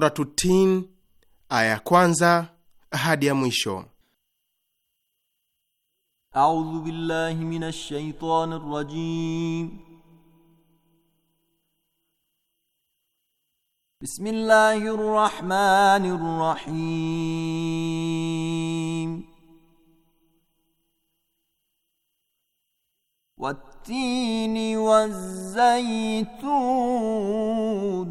Suratu Tin aya ya kwanza hadi ya mwisho. A'udhu billahi minash shaitanir rajim. Bismillahir rahmanir rahim. والتين والزيتون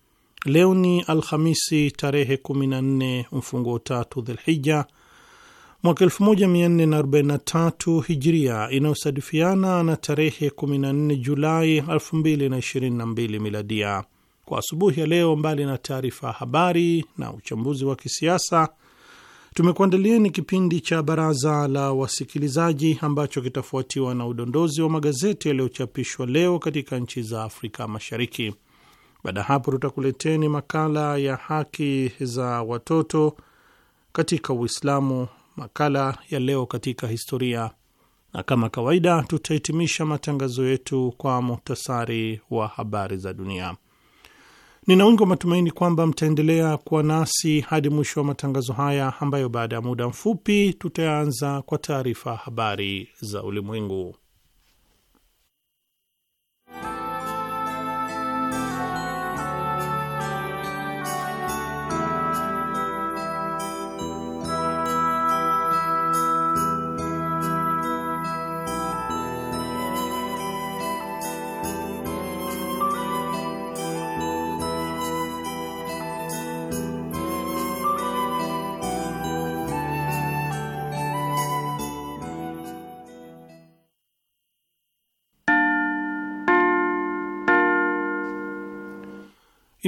Leo ni Alhamisi tarehe 14 mfungo tatu Dhilhija mwaka 1443 Hijria, inayosadifiana na tarehe 14 Julai 2022 Miladia. Kwa asubuhi ya leo, mbali na taarifa ya habari na uchambuzi wa kisiasa, tumekuandalieni kipindi cha baraza la wasikilizaji ambacho kitafuatiwa na udondozi wa magazeti yaliyochapishwa leo katika nchi za Afrika Mashariki. Baada ya hapo, tutakuleteni makala ya haki za watoto katika Uislamu, makala ya leo katika historia, na kama kawaida tutahitimisha matangazo yetu kwa muhtasari wa habari za dunia. Nina wingi wa matumaini kwamba mtaendelea kuwa nasi hadi mwisho wa matangazo haya ambayo baada ya muda mfupi tutaanza kwa taarifa habari za ulimwengu.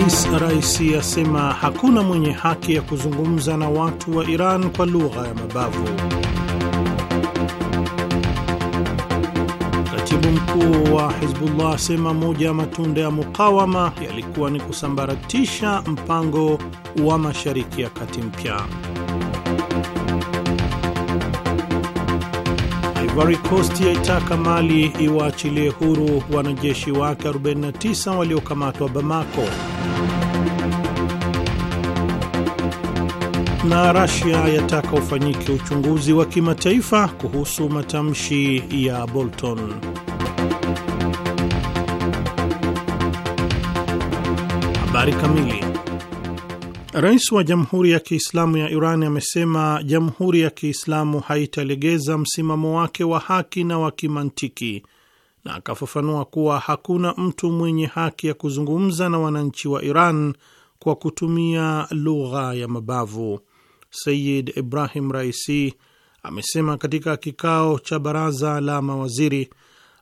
Rais rais asema hakuna mwenye haki ya kuzungumza na watu wa Iran kwa lugha ya mabavu. Katibu mkuu wa Hizbullah asema moja ya matunda ya mukawama yalikuwa ni kusambaratisha mpango wa Mashariki ya Kati mpya. Ivory Coast yaitaka Mali iwaachilie huru wanajeshi wake 49 waliokamatwa Bamako. Na Russia yataka ufanyike uchunguzi wa kimataifa kuhusu matamshi ya Bolton. Habari kamili Rais wa Jamhuri ya Kiislamu ya Iran amesema Jamhuri ya Kiislamu haitalegeza msimamo wake wa haki na wa kimantiki, na akafafanua kuwa hakuna mtu mwenye haki ya kuzungumza na wananchi wa Iran kwa kutumia lugha ya mabavu. Sayid Ibrahim Raisi amesema katika kikao cha baraza la mawaziri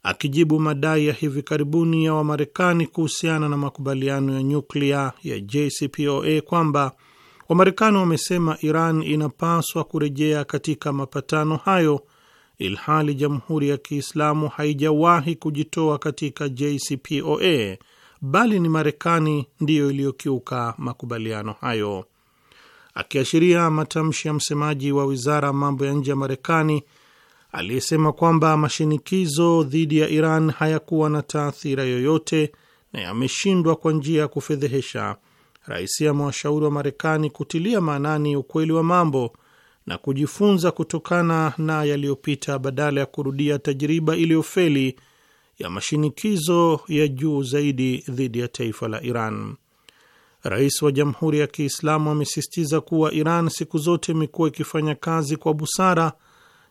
akijibu madai ya hivi karibuni ya Wamarekani kuhusiana na makubaliano ya nyuklia ya JCPOA kwamba Wamarekani wamesema Iran inapaswa kurejea katika mapatano hayo, ilhali Jamhuri ya Kiislamu haijawahi kujitoa katika JCPOA, bali ni Marekani ndiyo iliyokiuka makubaliano hayo. Akiashiria matamshi ya msemaji wa wizara ya mambo ya nje ya Marekani aliyesema kwamba mashinikizo dhidi ya Iran hayakuwa na taathira yoyote na yameshindwa kwa njia ya kufedhehesha. Rais amewashauri wa Marekani kutilia maanani ukweli wa mambo na kujifunza kutokana na yaliyopita badala ya kurudia tajiriba iliyofeli ya mashinikizo ya juu zaidi dhidi ya taifa la Iran. Rais wa Jamhuri ya Kiislamu amesisitiza kuwa Iran siku zote imekuwa ikifanya kazi kwa busara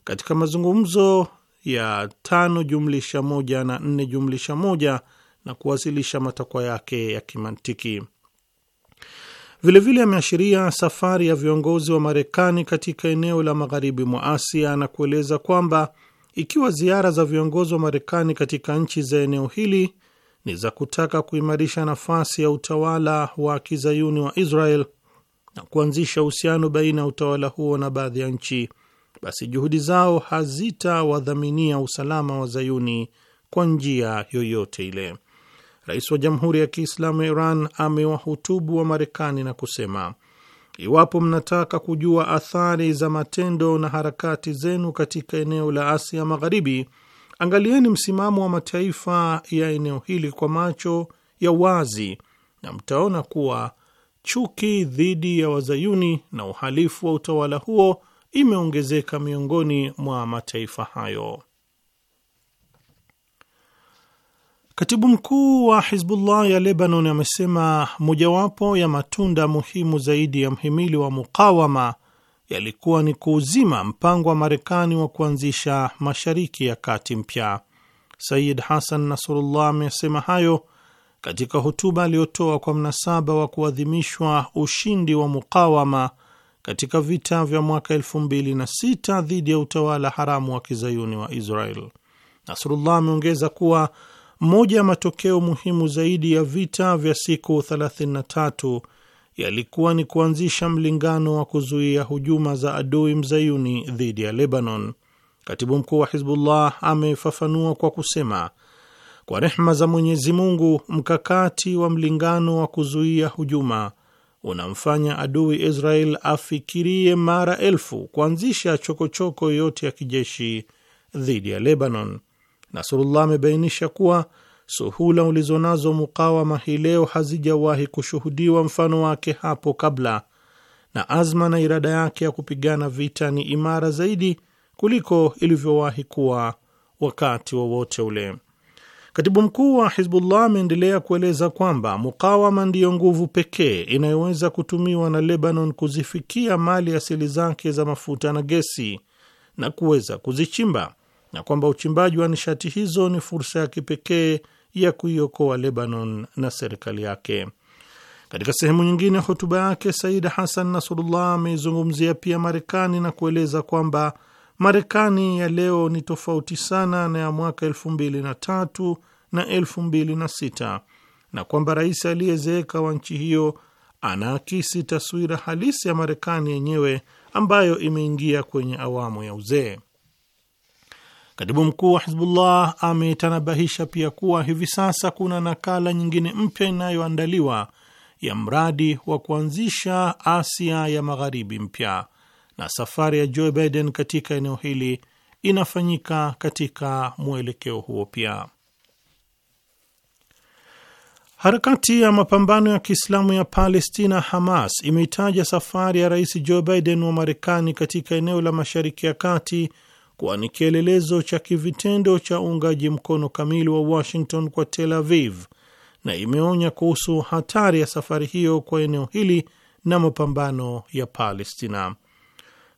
katika mazungumzo ya tano jumlisha moja na nne jumlisha moja na kuwasilisha matakwa yake ya kimantiki. Vilevile ameashiria safari ya viongozi wa Marekani katika eneo la magharibi mwa Asia na kueleza kwamba ikiwa ziara za viongozi wa Marekani katika nchi za eneo hili ni za kutaka kuimarisha nafasi ya utawala wa kizayuni wa Israel na kuanzisha uhusiano baina ya utawala huo na baadhi ya nchi, basi juhudi zao hazitawadhaminia usalama wa zayuni kwa njia yoyote ile. Rais wa Jamhuri ya Kiislamu ya Iran amewahutubu wa Marekani na kusema, iwapo mnataka kujua athari za matendo na harakati zenu katika eneo la Asia Magharibi, angalieni msimamo wa mataifa ya eneo hili kwa macho ya wazi, na mtaona kuwa chuki dhidi ya wazayuni na uhalifu wa utawala huo imeongezeka miongoni mwa mataifa hayo. Katibu mkuu wa Hizbullah ya Lebanon amesema mojawapo ya matunda muhimu zaidi ya mhimili wa mukawama yalikuwa ni kuuzima mpango wa Marekani wa kuanzisha Mashariki ya Kati mpya. Sayid Hasan Nasrullah amesema hayo katika hotuba aliyotoa kwa mnasaba wa kuadhimishwa ushindi wa mukawama katika vita vya mwaka elfu mbili na sita dhidi ya utawala haramu wa kizayuni wa Israel. Nasrullah ameongeza kuwa moja ya matokeo muhimu zaidi ya vita vya siku 33 yalikuwa ni kuanzisha mlingano wa kuzuia hujuma za adui mzayuni dhidi ya Lebanon. Katibu mkuu wa Hizbullah amefafanua kwa kusema, kwa rehma za Mwenyezi Mungu, mkakati wa mlingano wa kuzuia hujuma unamfanya adui Israel afikirie mara elfu kuanzisha chokochoko yote ya kijeshi dhidi ya Lebanon. Nasrullah amebainisha kuwa suhula ulizonazo mukawama hii leo hazijawahi kushuhudiwa mfano wake hapo kabla, na azma na irada yake ya kupigana vita ni imara zaidi kuliko ilivyowahi kuwa wakati wowote wa ule. Katibu mkuu wa Hizbullah ameendelea kueleza kwamba mukawama ndiyo nguvu pekee inayoweza kutumiwa na Lebanon kuzifikia mali asili zake za mafuta na gesi na kuweza kuzichimba na kwamba uchimbaji wa nishati hizo ni fursa ya kipekee ya kuiokoa Lebanon na serikali yake. Katika sehemu nyingine hotuba yake, Said Hasan Nasrullah ameizungumzia pia Marekani na kueleza kwamba Marekani ya leo ni tofauti sana na ya mwaka elfu mbili na tatu na elfu mbili na sita na kwamba rais aliyezeeka wa nchi hiyo anaakisi taswira halisi ya Marekani yenyewe ambayo imeingia kwenye awamu ya uzee. Katibu mkuu wa Hizbullah ametanabahisha pia kuwa hivi sasa kuna nakala nyingine mpya inayoandaliwa ya mradi wa kuanzisha Asia ya Magharibi mpya na safari ya Joe Biden katika eneo hili inafanyika katika mwelekeo huo pia. Harakati ya mapambano ya Kiislamu ya Palestina, Hamas, imeitaja safari ya Rais Joe Biden wa Marekani katika eneo la Mashariki ya Kati kuwa ni kielelezo cha kivitendo cha uungaji mkono kamili wa Washington kwa Tel Aviv na imeonya kuhusu hatari ya safari hiyo kwa eneo hili na mapambano ya Palestina.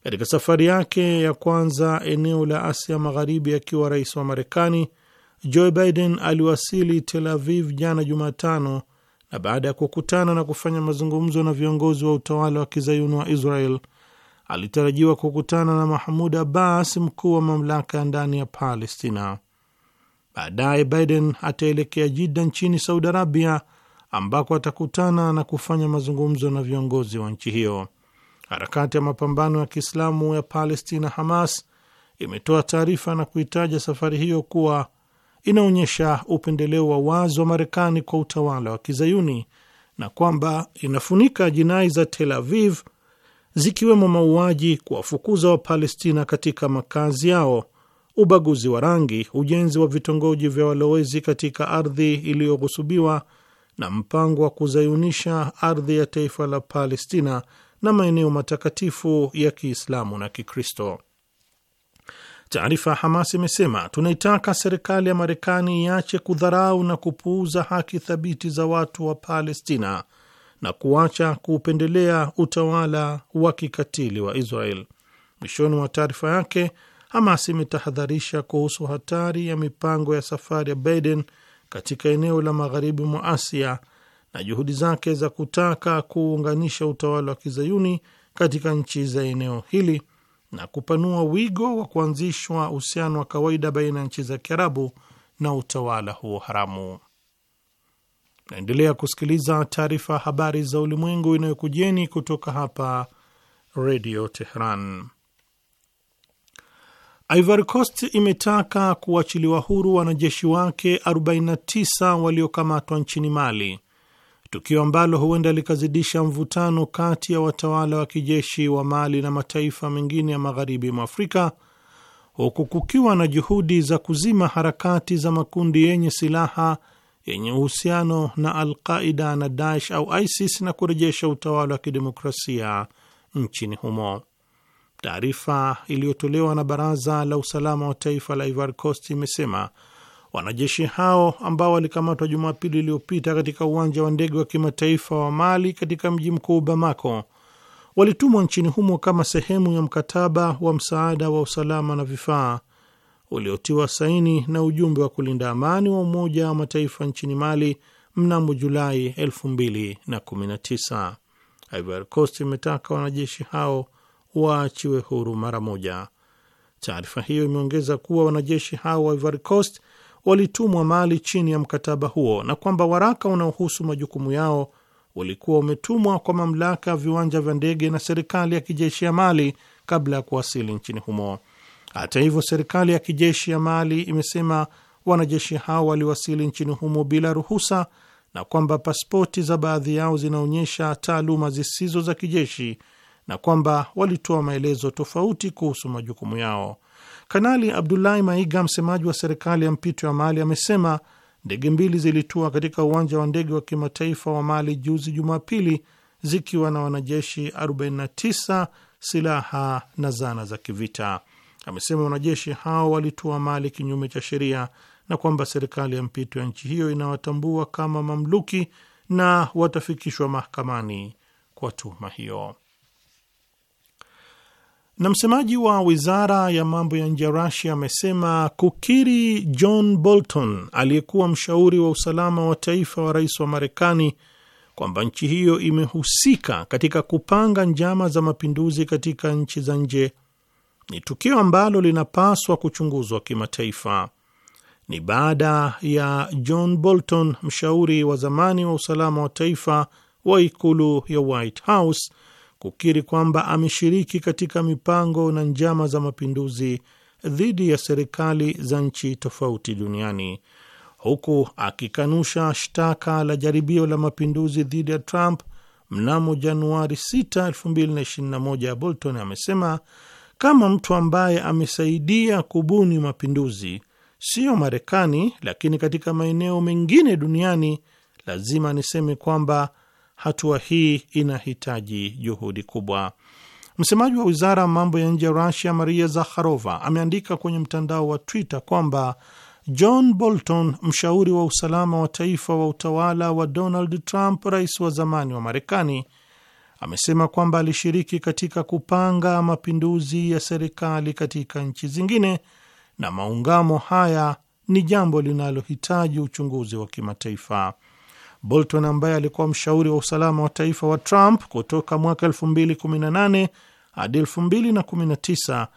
Katika safari yake ya kwanza eneo la Asia Magharibi akiwa rais wa Marekani, Joe Biden aliwasili Tel Aviv jana Jumatano, na baada ya kukutana na kufanya mazungumzo na viongozi wa utawala wa kizayuni wa Israel alitarajiwa kukutana na Mahmud Abbas, mkuu wa mamlaka ya ndani ya Palestina. Baadaye Biden ataelekea Jida nchini Saudi Arabia, ambako atakutana na kufanya mazungumzo na viongozi wa nchi hiyo. Harakati ya mapambano ya Kiislamu ya Palestina, Hamas, imetoa taarifa na kuitaja safari hiyo kuwa inaonyesha upendeleo wa wazi wa Marekani kwa utawala wa kizayuni na kwamba inafunika jinai za Tel Aviv zikiwemo mauaji, kuwafukuza Wapalestina katika makazi yao, ubaguzi wa rangi, ujenzi wa vitongoji vya walowezi katika ardhi iliyoghusubiwa na mpango wa kuzayunisha ardhi ya taifa la Palestina na maeneo matakatifu ya Kiislamu na Kikristo. Taarifa ya Hamas imesema tunaitaka serikali ya Marekani iache kudharau na kupuuza haki thabiti za watu wa Palestina na kuacha kuupendelea utawala wa kikatili wa Israel. Mwishoni mwa taarifa yake, Hamas imetahadharisha kuhusu hatari ya mipango ya safari ya Biden katika eneo la magharibi mwa Asia na juhudi zake za kutaka kuunganisha utawala wa kizayuni katika nchi za eneo hili na kupanua wigo wa kuanzishwa uhusiano wa kawaida baina ya nchi za Kiarabu na utawala huo haramu. Naendelea kusikiliza taarifa ya habari za ulimwengu inayokujeni kutoka hapa Redio Tehran. Ivory Coast imetaka kuachiliwa huru wanajeshi wake 49 waliokamatwa nchini Mali tukio ambalo huenda likazidisha mvutano kati ya watawala wa kijeshi wa Mali na mataifa mengine ya magharibi mwa Afrika, huku kukiwa na juhudi za kuzima harakati za makundi yenye silaha yenye uhusiano na Alqaida na Daesh au ISIS na kurejesha utawala wa kidemokrasia nchini humo. Taarifa iliyotolewa na Baraza la Usalama wa Taifa la Ivory Coast imesema Wanajeshi hao ambao walikamatwa Jumapili iliyopita katika uwanja wa ndege wa kimataifa wa Mali katika mji mkuu Bamako walitumwa nchini humo kama sehemu ya mkataba wa msaada wa usalama na vifaa uliotiwa saini na ujumbe wa kulinda amani wa Umoja wa Mataifa nchini Mali mnamo Julai 2019. Ivory Coast imetaka wanajeshi hao waachiwe huru mara moja. Taarifa hiyo imeongeza kuwa wanajeshi hao wa Ivory Coast walitumwa Mali chini ya mkataba huo na kwamba waraka unaohusu majukumu yao ulikuwa umetumwa kwa mamlaka ya viwanja vya ndege na serikali ya kijeshi ya Mali kabla ya kuwasili nchini humo. Hata hivyo, serikali ya kijeshi ya Mali imesema wanajeshi hao waliwasili nchini humo bila ruhusa na kwamba pasipoti za baadhi yao zinaonyesha taaluma zisizo za kijeshi na kwamba walitoa maelezo tofauti kuhusu majukumu yao. Kanali Abdulahi Maiga, msemaji wa serikali ya mpito ya Mali, amesema ndege mbili zilitua katika uwanja wa ndege wa kimataifa wa Mali juzi Jumapili zikiwa na wanajeshi 49, silaha na zana za kivita. Amesema wanajeshi hao walitua Mali kinyume cha sheria na kwamba serikali ya mpito ya nchi hiyo inawatambua kama mamluki na watafikishwa mahakamani kwa tuhuma hiyo. Na msemaji wa wizara ya mambo ya nje ya Rusia amesema kukiri John Bolton aliyekuwa mshauri wa usalama wa taifa wa rais wa Marekani kwamba nchi hiyo imehusika katika kupanga njama za mapinduzi katika nchi za nje ni tukio ambalo linapaswa kuchunguzwa kimataifa. Ni baada ya John Bolton, mshauri wa zamani wa usalama wa taifa wa ikulu ya White House kukiri kwamba ameshiriki katika mipango na njama za mapinduzi dhidi ya serikali za nchi tofauti duniani huku akikanusha shtaka la jaribio la mapinduzi dhidi ya Trump mnamo Januari 6, 2021, Bolton amesema kama mtu ambaye amesaidia kubuni mapinduzi siyo Marekani, lakini katika maeneo mengine duniani, lazima niseme kwamba hatua hii inahitaji juhudi kubwa. Msemaji wa wizara ya mambo ya nje ya Rusia, Maria Zakharova, ameandika kwenye mtandao wa Twitter kwamba John Bolton, mshauri wa usalama wa taifa wa utawala wa Donald Trump, rais wa zamani wa Marekani, amesema kwamba alishiriki katika kupanga mapinduzi ya serikali katika nchi zingine na maungamo haya ni jambo linalohitaji uchunguzi wa kimataifa. Bolton ambaye alikuwa mshauri wa usalama wa taifa wa Trump kutoka mwaka 2018 hadi 2019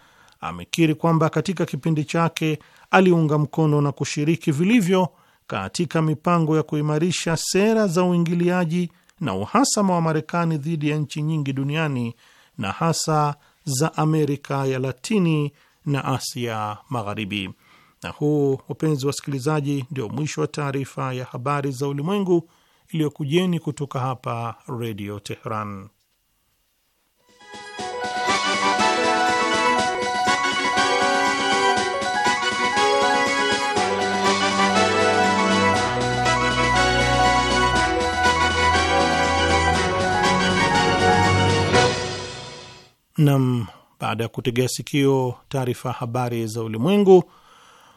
amekiri kwamba katika kipindi chake aliunga mkono na kushiriki vilivyo katika mipango ya kuimarisha sera za uingiliaji na uhasama wa Marekani dhidi ya nchi nyingi duniani na hasa za Amerika ya Latini na Asia Magharibi. Na huu, wapenzi wasikilizaji, ndio mwisho wa taarifa ya habari za ulimwengu iliyokujeni kutoka hapa Redio Teheran. Nam, baada ya kutegea sikio taarifa habari za ulimwengu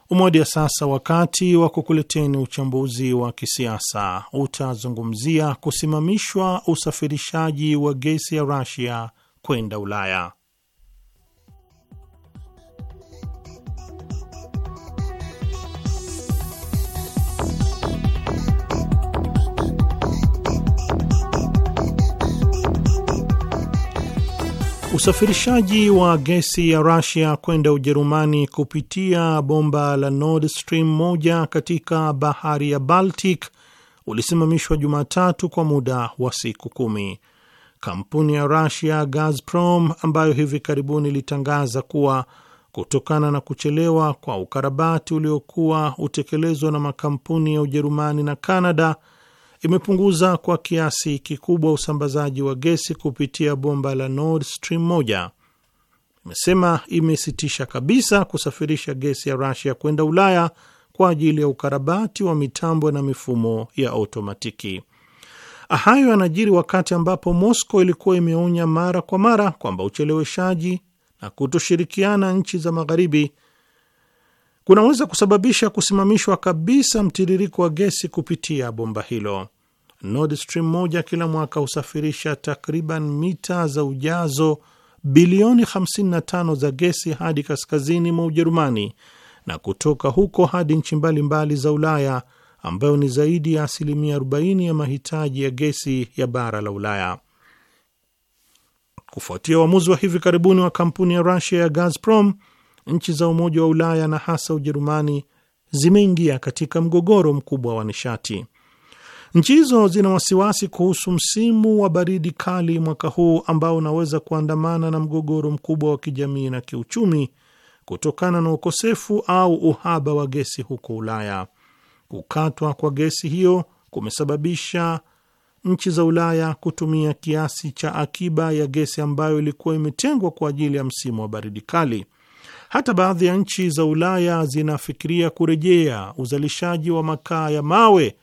Umoja sasa, wakati wa kukuleteni uchambuzi wa kisiasa utazungumzia kusimamishwa usafirishaji wa gesi ya Russia kwenda Ulaya. Usafirishaji wa gesi ya rasia kwenda Ujerumani kupitia bomba la Nord Stream moja katika bahari ya Baltic ulisimamishwa Jumatatu kwa muda wa siku kumi. Kampuni ya Russia Gazprom ambayo hivi karibuni ilitangaza kuwa kutokana na kuchelewa kwa ukarabati uliokuwa utekelezwa na makampuni ya Ujerumani na Kanada imepunguza kwa kiasi kikubwa usambazaji wa gesi kupitia bomba la Nord Stream moja. Imesema imesitisha kabisa kusafirisha gesi ya rasia kwenda Ulaya kwa ajili ya ukarabati wa mitambo na mifumo ya otomatiki. Hayo yanajiri wakati ambapo Moscow ilikuwa imeonya mara kwa mara kwamba ucheleweshaji na kutoshirikiana nchi za magharibi kunaweza kusababisha kusimamishwa kabisa mtiririko wa gesi kupitia bomba hilo. Nord Stream moja kila mwaka husafirisha takriban mita za ujazo bilioni 55 za gesi hadi kaskazini mwa Ujerumani na kutoka huko hadi nchi mbalimbali za Ulaya, ambayo ni zaidi ya asilimia 40 ya mahitaji ya gesi ya bara la Ulaya. Kufuatia uamuzi wa hivi karibuni wa kampuni ya Russia ya Gazprom nchi za Umoja wa Ulaya na hasa Ujerumani zimeingia katika mgogoro mkubwa wa nishati. Nchi hizo zina wasiwasi kuhusu msimu wa baridi kali mwaka huu ambao unaweza kuandamana na mgogoro mkubwa wa kijamii na kiuchumi kutokana na ukosefu au uhaba wa gesi huko Ulaya. Kukatwa kwa gesi hiyo kumesababisha nchi za Ulaya kutumia kiasi cha akiba ya gesi ambayo ilikuwa imetengwa kwa ajili ya msimu wa baridi kali. Hata baadhi ya nchi za Ulaya zinafikiria kurejea uzalishaji wa makaa ya mawe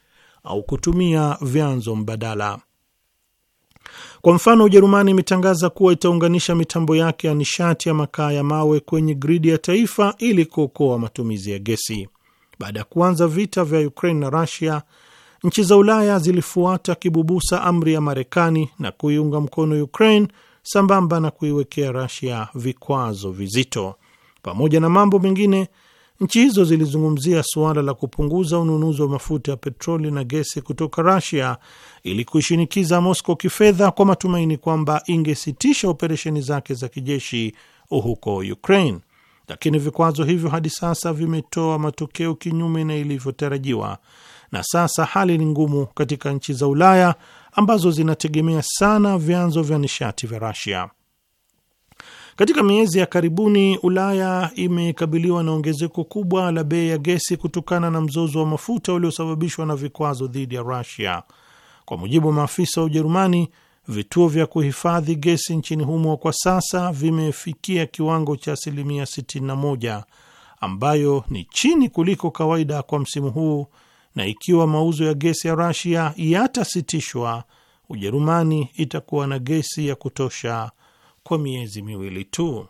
au kutumia vyanzo mbadala. Kwa mfano, Ujerumani imetangaza kuwa itaunganisha mitambo yake ya nishati ya makaa ya mawe kwenye gridi ya taifa ili kuokoa matumizi ya gesi. Baada ya kuanza vita vya Ukraine na rasia nchi za Ulaya zilifuata kibubusa amri ya Marekani na kuiunga mkono Ukraine sambamba na kuiwekea rasia vikwazo vizito. Pamoja na mambo mengine, nchi hizo zilizungumzia suala la kupunguza ununuzi wa mafuta ya petroli na gesi kutoka rasia ili kuishinikiza Moscow kifedha kwa matumaini kwamba ingesitisha operesheni zake za kijeshi huko Ukraine, lakini vikwazo hivyo hadi sasa vimetoa matokeo kinyume na ilivyotarajiwa, na sasa hali ni ngumu katika nchi za Ulaya ambazo zinategemea sana vyanzo vya nishati vya Russia. Katika miezi ya karibuni Ulaya imekabiliwa na ongezeko kubwa la bei ya gesi kutokana na mzozo wa mafuta uliosababishwa na vikwazo dhidi ya Rusia. Kwa mujibu wa maafisa wa Ujerumani, vituo vya kuhifadhi gesi nchini humo kwa sasa vimefikia kiwango cha asilimia 61 ambayo ni chini kuliko kawaida kwa msimu huu, na ikiwa mauzo ya gesi ya Rusia yatasitishwa, Ujerumani itakuwa na gesi ya kutosha kwa miezi miwili tu.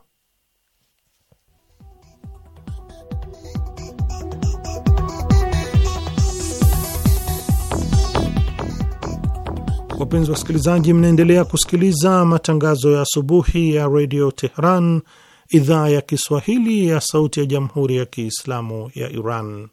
Wapenzi wasikilizaji, mnaendelea kusikiliza matangazo ya asubuhi ya redio Tehran, idhaa ya Kiswahili ya sauti ya jamhuri ya Kiislamu ya Iran.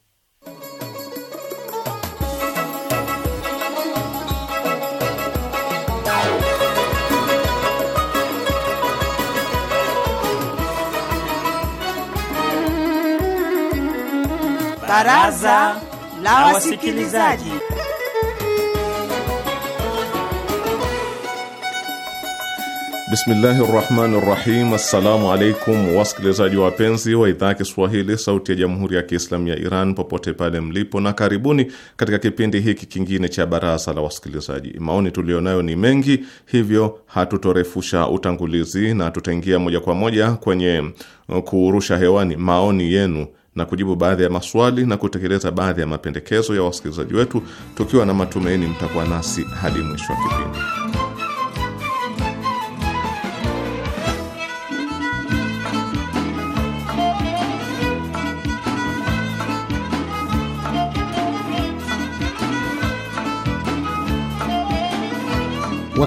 Baraza la Wasikilizaji. Bismillahi rahmani rahim. Assalamu alaikum wasikilizaji wapenzi wa idhaa ya Kiswahili sauti ya jamhuri ya Kiislamu ya Iran popote pale mlipo, na karibuni katika kipindi hiki kingine cha baraza la wasikilizaji. Maoni tuliyonayo ni mengi, hivyo hatutorefusha utangulizi na tutaingia moja kwa moja kwenye kurusha hewani maoni yenu na kujibu baadhi ya maswali na kutekeleza baadhi ya mapendekezo ya wasikilizaji wetu, tukiwa na matumaini mtakuwa nasi hadi mwisho wa kipindi.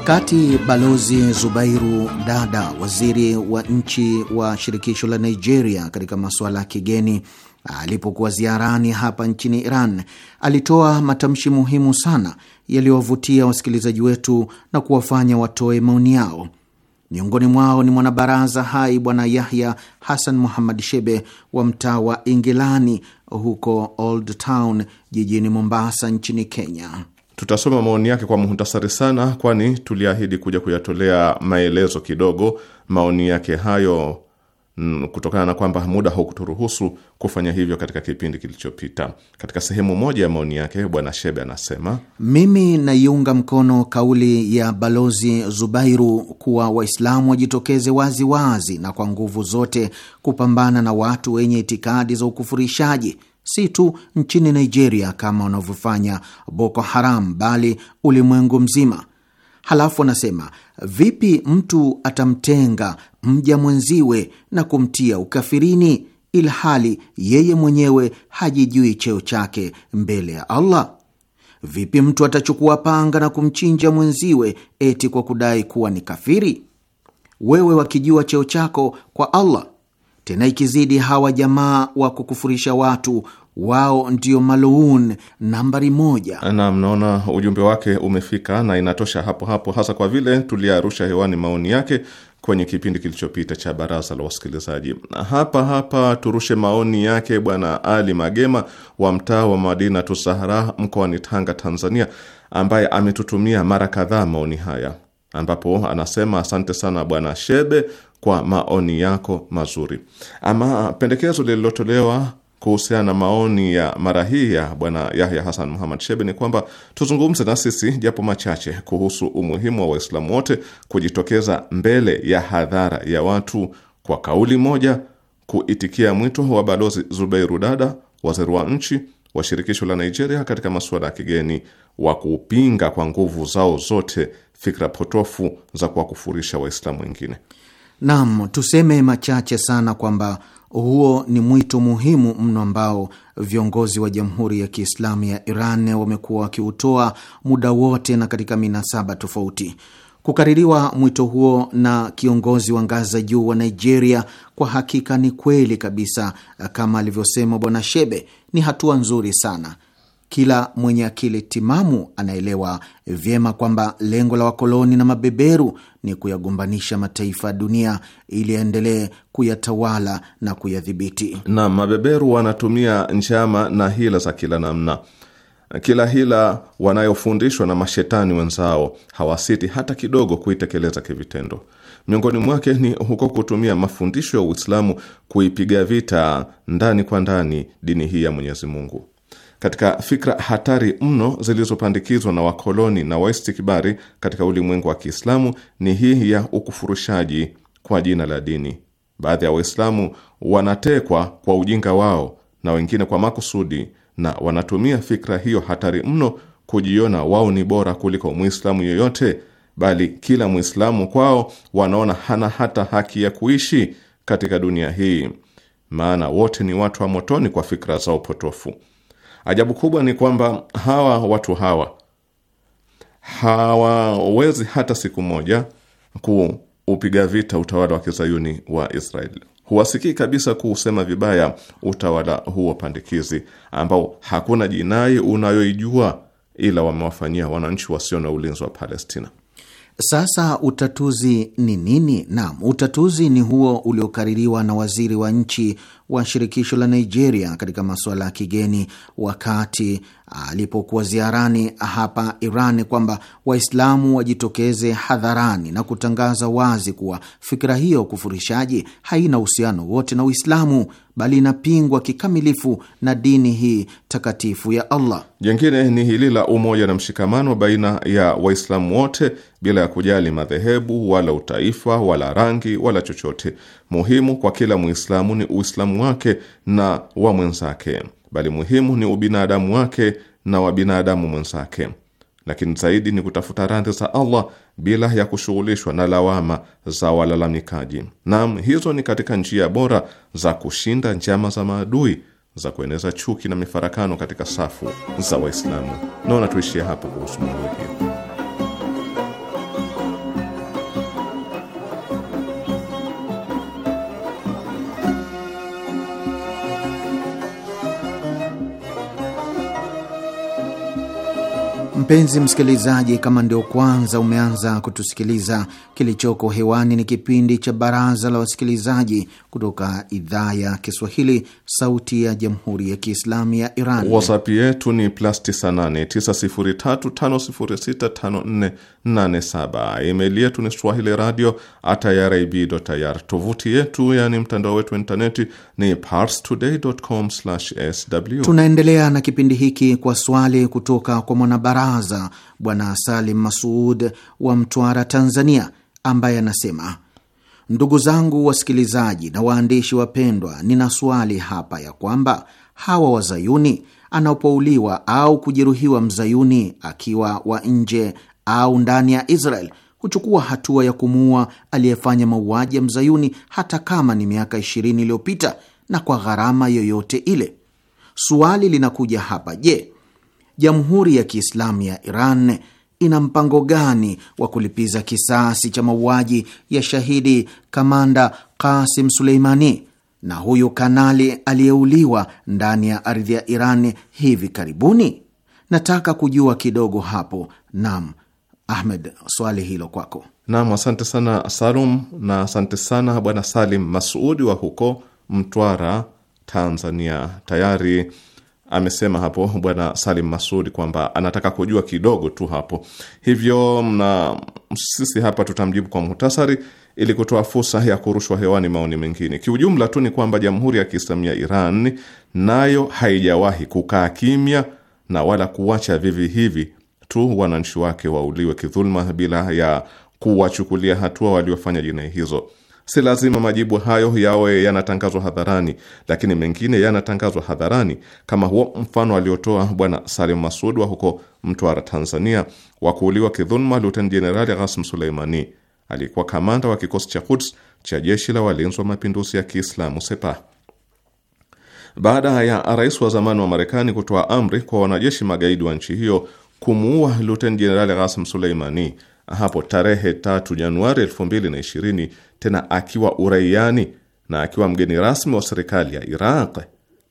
Wakati Balozi Zubairu Dada, waziri wa nchi wa shirikisho la Nigeria katika masuala ya kigeni, alipokuwa ziarani hapa nchini Iran, alitoa matamshi muhimu sana yaliyowavutia wasikilizaji wetu na kuwafanya watoe maoni yao. Miongoni mwao ni mwanabaraza hai Bwana Yahya Hassan Muhammad Shebe wa mtaa wa Ingilani huko Old Town jijini Mombasa nchini Kenya. Tutasoma maoni yake kwa muhtasari sana, kwani tuliahidi kuja kuyatolea maelezo kidogo maoni yake hayo mm, kutokana na kwamba muda haukuturuhusu kufanya hivyo katika kipindi kilichopita. Katika sehemu moja ya maoni yake, Bwana Shebe anasema, mimi naiunga mkono kauli ya Balozi Zubairu kuwa Waislamu wajitokeze waziwazi na kwa nguvu zote kupambana na watu wenye itikadi za ukufurishaji si tu nchini Nigeria kama wanavyofanya Boko Haram, bali ulimwengu mzima. Halafu anasema vipi mtu atamtenga mja mwenziwe na kumtia ukafirini, ilhali yeye mwenyewe hajijui cheo chake mbele ya Allah? Vipi mtu atachukua panga na kumchinja mwenziwe eti kwa kudai kuwa ni kafiri? Wewe wakijua cheo chako kwa Allah tena ikizidi hawa jamaa wa kukufurisha watu wao ndio maluun nambari moja. Na naona ujumbe wake umefika na inatosha hapo hapo, hasa kwa vile tuliarusha hewani maoni yake kwenye kipindi kilichopita cha baraza la wasikilizaji. Hapa hapa turushe maoni yake Bwana Ali Magema wa mtaa wa Madina Tusahara mkoani Tanga, Tanzania, ambaye ametutumia mara kadhaa maoni haya, ambapo anasema asante sana Bwana Shebe kwa maoni yako mazuri. Ama pendekezo lililotolewa kuhusiana na maoni ya mara hii ya Bwana Yahya Hasan Muhamad Shebe ni kwamba tuzungumze na sisi japo machache kuhusu umuhimu wa Waislamu wote kujitokeza mbele ya hadhara ya watu kwa kauli moja, kuitikia mwito wa Balozi Zubeiru Dada, waziri wa nchi wa shirikisho la Nigeria katika masuala ya kigeni, wa kupinga kwa nguvu zao zote fikra potofu za kuwakufurisha Waislamu wengine. Naam, tuseme machache sana kwamba huo ni mwito muhimu mno ambao viongozi wa Jamhuri ya Kiislamu ya Iran wamekuwa wakiutoa muda wote na katika minasaba tofauti. Kukaririwa mwito huo na kiongozi wa ngazi za juu wa Nigeria kwa hakika ni kweli kabisa, kama alivyosema Bwana Shebe, ni hatua nzuri sana kila mwenye akili timamu anaelewa vyema kwamba lengo la wakoloni na mabeberu ni kuyagombanisha mataifa ya dunia ili yaendelee kuyatawala na kuyadhibiti. Na mabeberu wanatumia njama na hila za kila namna, kila hila wanayofundishwa na mashetani wenzao hawasiti hata kidogo kuitekeleza kivitendo. Miongoni mwake ni huko kutumia mafundisho ya Uislamu kuipiga vita ndani kwa ndani dini hii ya Mwenyezi Mungu katika fikra hatari mno zilizopandikizwa na wakoloni na waistikbari katika ulimwengu wa Kiislamu ni hii ya ukufurushaji kwa jina la dini. Baadhi ya Waislamu wanatekwa kwa ujinga wao na wengine kwa makusudi, na wanatumia fikra hiyo hatari mno kujiona wao ni bora kuliko mwislamu yoyote, bali kila mwislamu kwao wanaona hana hata haki ya kuishi katika dunia hii, maana wote ni watu wa motoni kwa fikra zao potofu. Ajabu kubwa ni kwamba hawa watu hawa hawawezi hata siku moja kuupiga vita utawala wa kizayuni wa israel Huwasikii kabisa kuusema vibaya utawala huo pandikizi ambao hakuna jinai unayoijua ila wamewafanyia wananchi wasio na ulinzi wa Palestina. Sasa utatuzi ni nini? Naam, utatuzi ni huo uliokaririwa na waziri wa nchi wa shirikisho la Nigeria katika masuala ya kigeni wakati alipokuwa ziarani hapa Iran kwamba Waislamu wajitokeze hadharani na kutangaza wazi kuwa fikira hiyo kufurishaji haina uhusiano wote na Uislamu bali inapingwa kikamilifu na dini hii takatifu ya Allah. Jengine ni hili la umoja na mshikamano baina ya Waislamu wote bila ya kujali madhehebu wala utaifa wala rangi wala chochote. Muhimu kwa kila Muislamu ni Uislamu wake na wa mwenzake bali muhimu ni ubinadamu wake na wa binadamu mwenzake, lakini zaidi ni kutafuta radhi za Allah bila ya kushughulishwa na lawama za walalamikaji. Naam, hizo ni katika njia bora za kushinda njama za maadui za kueneza chuki na mifarakano katika safu za Waislamu. Naona tuishie hapo kuhusu mada Mpenzi msikilizaji, kama ndio kwanza umeanza kutusikiliza, kilichoko hewani ni kipindi cha Baraza la Wasikilizaji kutoka idhaa ya Kiswahili, Sauti ya Jamhuri ya Kiislamu ya Iran. WhatsApp yetu ni plus 989035065487. Email yetu ni swahili radio at Tovuti yetu yaani mtandao wetu wa intaneti ni parstoday.com sw. Tunaendelea na kipindi hiki kwa swali kutoka kwa mwanabara Baraza Bwana Salim Masud wa Mtwara, Tanzania, ambaye anasema ndugu zangu wasikilizaji na waandishi wapendwa, nina swali hapa ya kwamba hawa wazayuni anapouliwa au kujeruhiwa mzayuni akiwa wa nje au ndani ya Israel huchukua hatua ya kumuua aliyefanya mauaji ya mzayuni hata kama ni miaka ishirini iliyopita na kwa gharama yoyote ile. Suali linakuja hapa, je, Jamhuri ya Kiislamu ya Iran ina mpango gani wa kulipiza kisasi cha mauaji ya shahidi kamanda Kasim Suleimani na huyu kanali aliyeuliwa ndani ya ardhi ya Iran hivi karibuni? Nataka kujua kidogo hapo. Naam, Ahmed, swali hilo kwako. Naam, asante sana Salum, na asante sana bwana Salim Masudi wa huko Mtwara, Tanzania. Tayari amesema hapo Bwana Salim Masudi kwamba anataka kujua kidogo tu hapo, hivyo na sisi hapa tutamjibu kwa muhtasari ili kutoa fursa ya kurushwa hewani maoni mengine. Kiujumla tu ni kwamba Jamhuri ya Kiislamu ya Iran nayo haijawahi kukaa kimya na wala kuwacha vivi hivi tu wananchi wake wauliwe kidhuluma bila ya kuwachukulia hatua waliofanya jinai hizo. Si lazima majibu hayo yawe yanatangazwa hadharani, lakini mengine yanatangazwa hadharani, kama huo mfano aliotoa Bwana Salim Masud wa huko Mtwara, Tanzania, wa kuuliwa kidhuluma Luteni Jenerali Ghasim Suleimani. Alikuwa kamanda wa kikosi cha Quds cha jeshi la walinzi wa mapinduzi ya Kiislamu sepa Baada ya rais wa zamani wa Marekani kutoa amri kwa wanajeshi magaidi wa nchi hiyo kumuua Luteni Jenerali Ghasim Suleimani, hapo tarehe tatu Januari 2020 tena akiwa uraiani na akiwa mgeni rasmi wa serikali ya Iraq,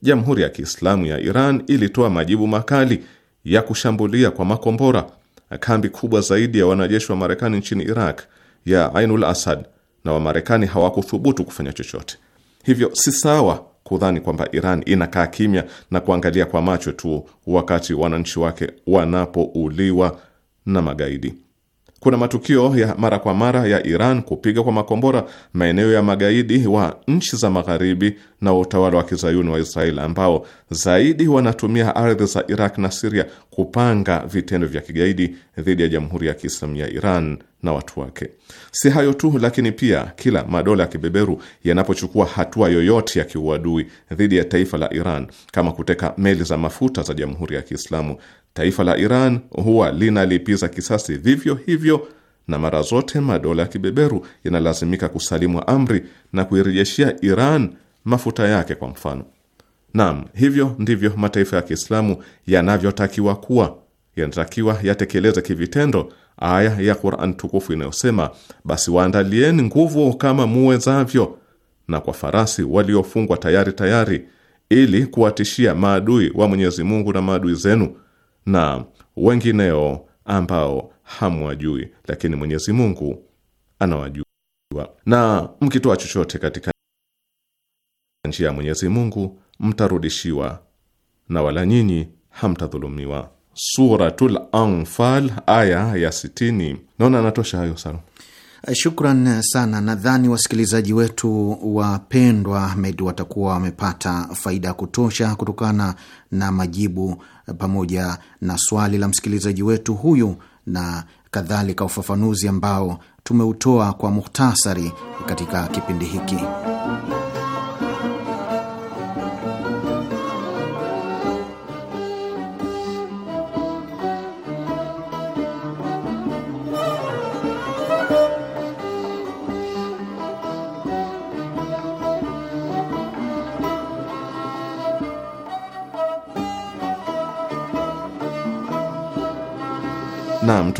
Jamhuri ya Kiislamu ya Iran ilitoa majibu makali ya kushambulia kwa makombora kambi kubwa zaidi ya wanajeshi wa Marekani nchini Iraq ya Ainul Asad, na Wamarekani hawakuthubutu kufanya chochote. Hivyo si sawa kudhani kwamba Iran inakaa kimya na kuangalia kwa macho tu wakati wananchi wake wanapouliwa na magaidi. Kuna matukio ya mara kwa mara ya Iran kupiga kwa makombora maeneo ya magaidi wa nchi za magharibi na utawala wa kizayuni wa Israeli ambao zaidi wanatumia ardhi za Iraq na Siria kupanga vitendo vya kigaidi dhidi ya Jamhuri ya Kiislamu ya Iran na watu wake. Si hayo tu, lakini pia kila madola ya kibeberu yanapochukua hatua yoyote ya kiuadui dhidi ya taifa la Iran, kama kuteka meli za mafuta za Jamhuri ya Kiislamu Taifa la Iran huwa linalipiza kisasi vivyo hivyo, na mara zote madola ya kibeberu yanalazimika kusalimu amri na kuirejeshia Iran mafuta yake, kwa mfano. Naam, hivyo ndivyo mataifa ya Kiislamu yanavyotakiwa kuwa. Yanatakiwa yatekeleze kivitendo aya ya Qur'an tukufu inayosema, basi waandalieni nguvu kama muwezavyo, na kwa farasi waliofungwa tayari tayari, ili kuwatishia maadui wa Mwenyezi Mungu na maadui zenu na wengineo ambao hamwajui, lakini Mwenyezi Mungu anawajua, na mkitoa chochote katika njia ya Mwenyezi Mungu mtarudishiwa, na wala nyinyi hamtadhulumiwa. Suratul Anfal aya ya sitini. Naona anatosha hayo sana. Eh, shukran sana. Nadhani wasikilizaji wetu wapendwa Ahmed watakuwa wamepata faida ya kutosha kutokana na majibu eh, pamoja na swali la msikilizaji wetu huyu na kadhalika ufafanuzi ambao tumeutoa kwa muhtasari katika kipindi hiki.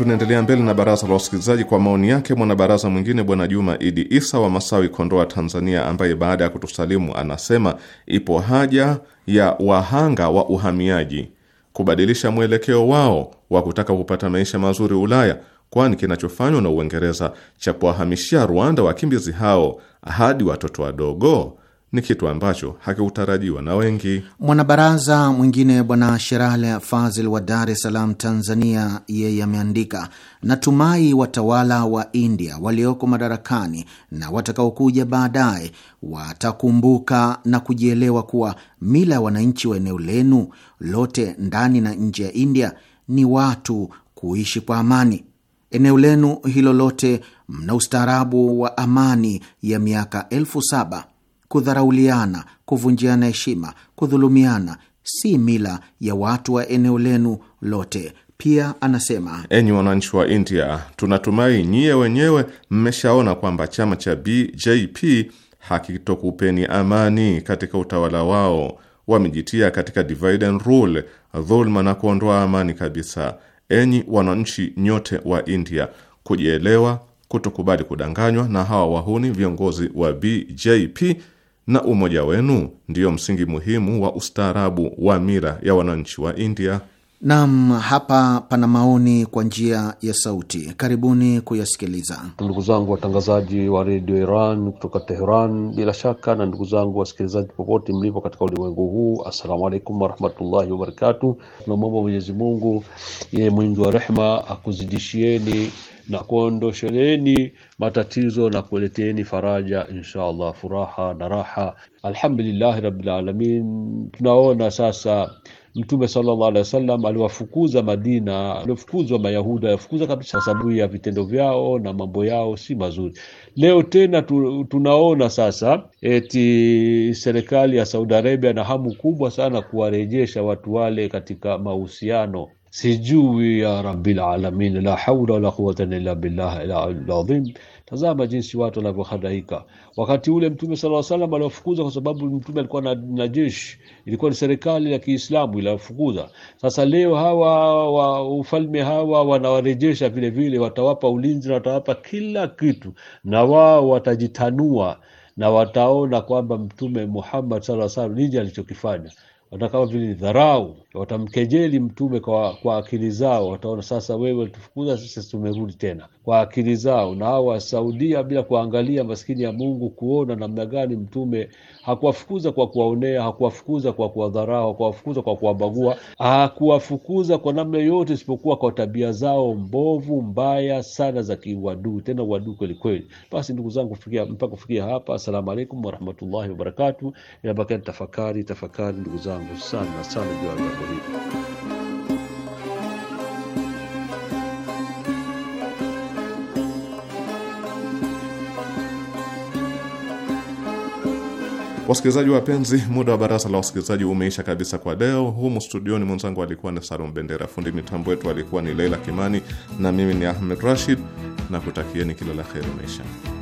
Tunaendelea mbele na baraza la wasikilizaji kwa maoni yake mwanabaraza mwingine bwana Juma Idi Isa wa Masawi, Kondoa, Tanzania, ambaye baada ya kutusalimu anasema ipo haja ya wahanga wa uhamiaji kubadilisha mwelekeo wao wa kutaka kupata maisha mazuri Ulaya, kwani kinachofanywa na Uingereza cha kuwahamishia Rwanda wakimbizi hao hadi watoto wadogo ni kitu ambacho hakiutarajiwa na wengi. Mwanabaraza mwingine Bwana Sherale Fazil wa Dar es Salaam, Tanzania, yeye ameandika, natumai watawala wa India walioko madarakani na watakaokuja baadaye watakumbuka na kujielewa kuwa mila ya wananchi wa eneo lenu lote ndani na nje ya India ni watu kuishi kwa amani. Eneo lenu hilo lote mna ustaarabu wa amani ya miaka elfu saba kudharauliana, kuvunjiana heshima, kudhulumiana si mila ya watu wa eneo lenu lote. Pia anasema, enyi wananchi wa India, tunatumai nyiye wenyewe mmeshaona kwamba chama cha BJP hakitokupeni amani katika utawala wao. Wamejitia katika divide and rule, dhulma na kuondoa amani kabisa. Enyi wananchi nyote wa India, kujielewa, kutokubali kudanganywa na hawa wahuni viongozi wa BJP na umoja wenu ndiyo msingi muhimu wa ustaarabu wa mira ya wananchi wa India. Nam, hapa pana maoni kwa njia ya sauti, karibuni kuyasikiliza. Ndugu zangu watangazaji wa redio Iran kutoka Teheran, bila shaka na ndugu zangu wasikilizaji popote mlipo katika ulimwengu huu, assalamu alaikum warahmatullahi wabarakatu. Tunamwomba Mwenyezi Mungu yeye mwingi wa rehma akuzidishieni na kuondosheleni matatizo na kuleteni faraja insha Allah, furaha na raha. Alhamdulillahi rabbil alamin. Tunaona sasa Mtume sallallahu alaihi wasallam aliwafukuza Madina, aliofukuzwa Mayahudi, aliofukuza kabisa sababu ya vitendo vyao na mambo yao si mazuri. Leo tena tu, tunaona sasa eti serikali ya Saudi Arabia na hamu kubwa sana kuwarejesha watu wale katika mahusiano Sijui ya rabbil alamin, la haula wala quwwata illa billah alazim. Tazama jinsi watu wanavyohadaika. Wakati ule Mtume sallallahu alaihi wasallam aliwafukuza kwa sababu Mtume alikuwa na, na jeshi, ilikuwa ni serikali ya Kiislamu iliyofukuza. Sasa leo hawa wa ufalme hawa wanawarejesha vile vile, watawapa ulinzi na watawapa kila kitu, na wao watajitanua na wataona kwamba Mtume Muhammad sallallahu alaihi wasallam nini alichokifanya, watakama vile dharau watamkejeli mtume kwa, kwa akili zao. Wataona sasa, wewe tufukuza sisi tumerudi tena, kwa akili zao. Na hao Wasaudia bila kuangalia maskini ya Mungu, kuona namna gani mtume hakuwafukuza kwa kuwaonea, hakuwafukuza kwa kuwadharau, hakuwafukuza kwa kuwabagua, hakuwafukuza kwa namna yoyote isipokuwa kwa tabia zao mbovu mbaya sana za kiuadui, tena uadui kweli kweli. Basi ndugu zangu, kufikia mpaka kufikia hapa, assalamu alaikum warahmatullahi wabarakatu. Inabaki tafakari, tafakari ndugu zangu sana sana juu kulipa. Wasikilizaji wapenzi, muda wa baraza la wasikilizaji umeisha kabisa kwa leo. Humu studioni mwenzangu alikuwa ni Salum Bendera, fundi mitambo wetu alikuwa ni Leila Kimani na mimi ni Ahmed Rashid na kutakieni kila la heri maishani.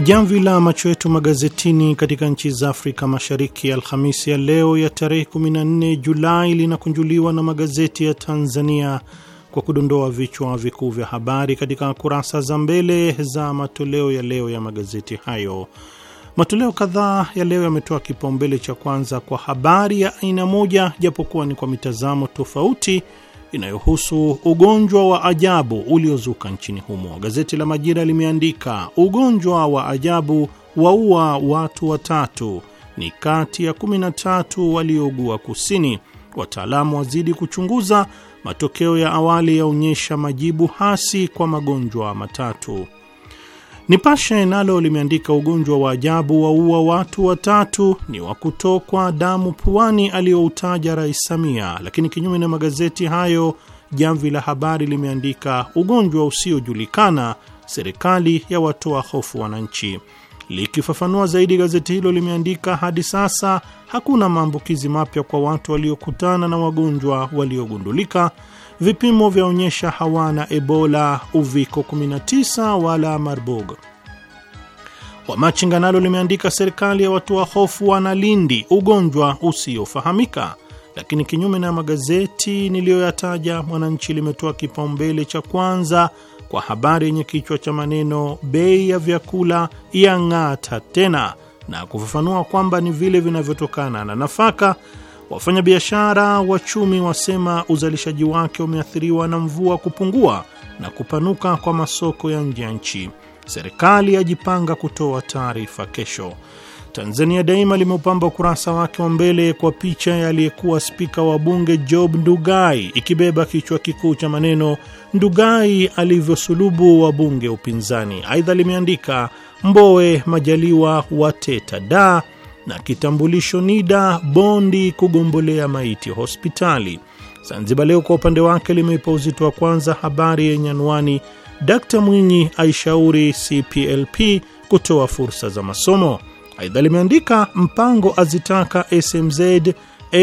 Jamvi la macho yetu magazetini katika nchi za Afrika Mashariki Alhamisi ya leo ya tarehe 14 Julai linakunjuliwa na magazeti ya Tanzania kwa kudondoa vichwa vikuu vya habari katika kurasa za mbele za matoleo ya leo ya magazeti hayo. Matoleo kadhaa ya leo yametoa kipaumbele cha kwanza kwa habari ya aina moja, japokuwa ni kwa mitazamo tofauti inayohusu ugonjwa wa ajabu uliozuka nchini humo. Gazeti la Majira limeandika ugonjwa wa ajabu waua watu watatu, ni kati ya 13 waliougua kusini. Wataalamu wazidi kuchunguza, matokeo ya awali yaonyesha majibu hasi kwa magonjwa matatu. Nipashe nalo limeandika ugonjwa wa ajabu wa ua watu watatu, ni wa kutokwa damu puani aliyoutaja Rais Samia. Lakini kinyume na magazeti hayo, Jamvi la Habari limeandika ugonjwa usiojulikana, serikali ya watoa hofu wananchi. Likifafanua zaidi, gazeti hilo limeandika hadi sasa hakuna maambukizi mapya kwa watu waliokutana na wagonjwa waliogundulika vipimo vyaonyesha hawana Ebola, Uviko 19 wala Marburg. Wamachinga nalo limeandika serikali ya watu wa hofu wana Lindi ugonjwa usiofahamika. Lakini kinyume na magazeti niliyoyataja, Mwananchi limetoa kipaumbele cha kwanza kwa habari yenye kichwa cha maneno bei ya vyakula yang'ata tena, na kufafanua kwamba ni vile vinavyotokana na nafaka Wafanyabiashara wachumi wasema uzalishaji wake umeathiriwa na mvua kupungua na kupanuka kwa masoko ya nje ya nchi. Serikali yajipanga kutoa taarifa kesho. Tanzania Daima limeupamba ukurasa wake wa mbele kwa picha ya aliyekuwa spika wa bunge Job Ndugai ikibeba kichwa kikuu cha maneno Ndugai alivyosulubu wabunge upinzani. Aidha limeandika Mbowe Majaliwa wateta da na kitambulisho NIDA bondi kugombolea maiti hospitali. Zanzibar Leo kwa upande wake limeipa uzito wa kwanza habari yenye anwani Dkt Mwinyi aishauri CPLP kutoa fursa za masomo. Aidha limeandika Mpango azitaka SMZ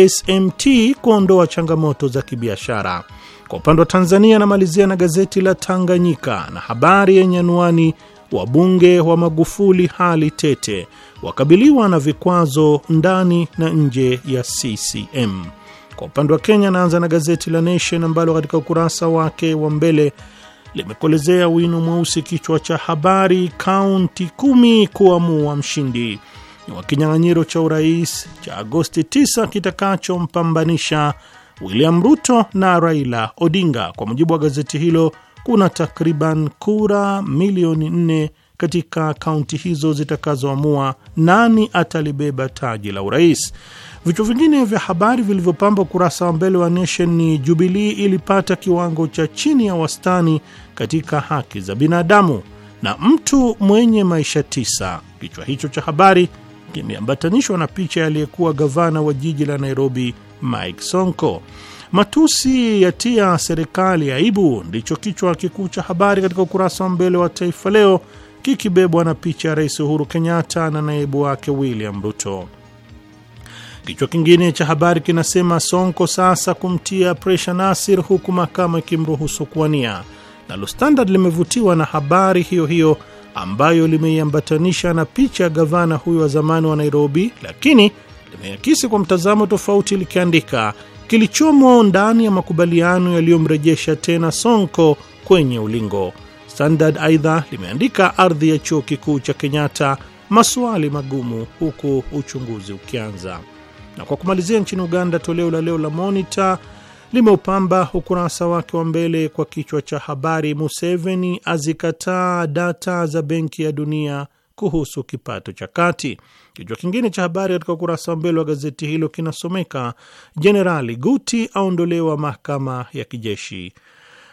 SMT kuondoa changamoto za kibiashara. Kwa upande wa Tanzania anamalizia na gazeti la Tanganyika na habari yenye anwani wabunge wa Magufuli hali tete, wakabiliwa na vikwazo ndani na nje ya CCM. Kwa upande wa Kenya, naanza na gazeti la Nation ambalo katika ukurasa wake wa mbele limekolezea wino mweusi kichwa cha habari, kaunti kumi kuamua mshindi wa kinyang'anyiro cha urais cha Agosti 9 kitakachompambanisha William Ruto na Raila Odinga. Kwa mujibu wa gazeti hilo, kuna takriban kura milioni nne katika kaunti hizo zitakazoamua nani atalibeba taji la urais. Vichwa vingine vya habari vilivyopamba ukurasa wa mbele wa Nation ni Jubilii ilipata kiwango cha chini ya wastani katika haki za binadamu na mtu mwenye maisha tisa. Kichwa hicho cha habari kimeambatanishwa na picha aliyekuwa gavana wa jiji la Nairobi Mike Sonko. Matusi yatia serikali ya aibu, ndicho kichwa kikuu cha habari katika ukurasa wa mbele wa Taifa Leo, kikibebwa na picha ya Rais Uhuru Kenyatta na naibu wake William Ruto. Kichwa kingine cha habari kinasema Sonko sasa kumtia presha Nasir, huku mahakama ikimruhusu kuwania. Nalo Standard limevutiwa na habari hiyo hiyo ambayo limeiambatanisha na picha ya gavana huyo wa zamani wa Nairobi, lakini limeakisi kwa mtazamo tofauti likiandika kilichomo ndani ya makubaliano yaliyomrejesha tena Sonko kwenye ulingo. Standard aidha limeandika ardhi ya chuo kikuu cha Kenyatta, maswali magumu huku uchunguzi ukianza. Na kwa kumalizia, nchini Uganda, toleo la leo la monita limeupamba ukurasa wake wa mbele kwa kichwa cha habari, Museveni azikataa data za Benki ya Dunia kuhusu kipato cha kati. Kichwa kingine cha habari katika ukurasa wa mbele wa gazeti hilo kinasomeka Jenerali Guti aondolewa mahakama ya kijeshi.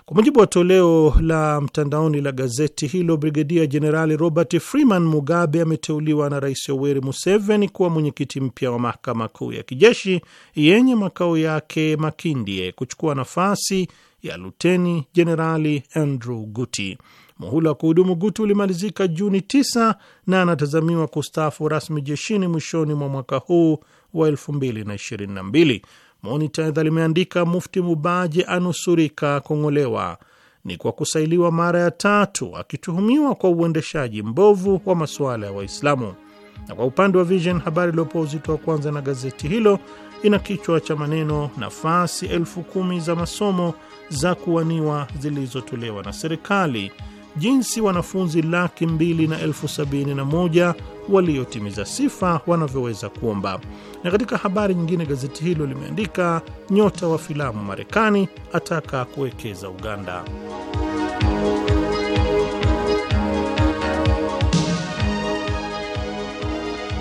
Kwa mujibu wa toleo la mtandaoni la gazeti hilo, Brigedia Jenerali Robert Freeman Mugabe ameteuliwa na Rais Yoweri Museveni kuwa mwenyekiti mpya wa mahakama kuu ya kijeshi yenye makao yake Makindye, kuchukua nafasi ya Luteni Jenerali Andrew Guti. Muhula wa kuhudumu Gutu ulimalizika Juni 9 na anatazamiwa kustaafu rasmi jeshini mwishoni mwa mwaka huu wa 2022. Monitor limeandika Mufti Mubaje anusurika kong'olewa, ni kwa kusailiwa mara ya tatu akituhumiwa kwa uendeshaji mbovu wa masuala ya wa Waislamu. Na kwa upande wa Vision, habari iliyopewa uzito wa kwanza na gazeti hilo ina kichwa cha maneno nafasi elfu kumi za masomo za kuwaniwa zilizotolewa na serikali jinsi wanafunzi laki mbili na elfu sabini na moja waliotimiza sifa wanavyoweza kuomba. Na katika habari nyingine, gazeti hilo limeandika nyota wa filamu Marekani ataka kuwekeza Uganda.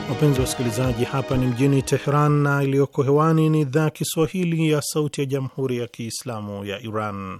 Wapenzi wa wasikilizaji, hapa ni mjini Teheran na iliyoko hewani ni idhaa Kiswahili ya Sauti ya Jamhuri ya Kiislamu ya Iran.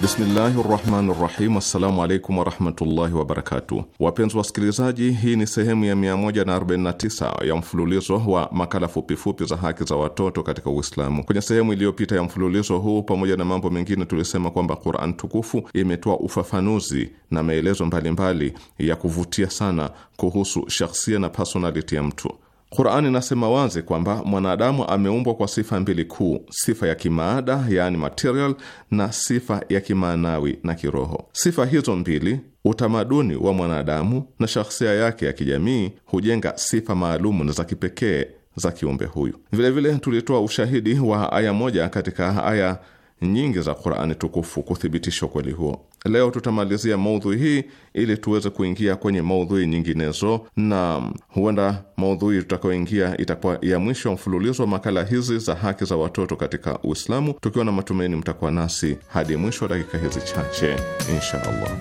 Bismillahi rahmani rahim. Assalamu alaikum warahmatullahi wabarakatu. Wapenzi wasikilizaji, hii ni sehemu ya 149 ya mfululizo wa makala fupifupi za haki za watoto katika Uislamu. Kwenye sehemu iliyopita ya mfululizo huu, pamoja na mambo mengine, tulisema kwamba Quran tukufu imetoa ufafanuzi na maelezo mbalimbali ya kuvutia sana kuhusu shakhsia na personality ya mtu. Qur'ani inasema wazi kwamba mwanadamu ameumbwa kwa sifa mbili kuu, sifa ya kimaada yaani material na sifa ya kimaanawi na kiroho. Sifa hizo mbili, utamaduni wa mwanadamu na shakhsia yake ya kijamii hujenga sifa maalumu na za kipekee za kiumbe huyu. Vilevile tulitoa ushahidi wa aya moja katika aya nyingi za Qur'ani tukufu kuthibitisha ukweli huo. Leo tutamalizia maudhui hii ili tuweze kuingia kwenye maudhui nyinginezo, na huenda maudhui tutakayoingia itakuwa ya mwisho mfululizo wa makala hizi za haki za watoto katika Uislamu, tukiwa na matumaini mtakuwa nasi hadi mwisho wa dakika hizi chache, insha Allah.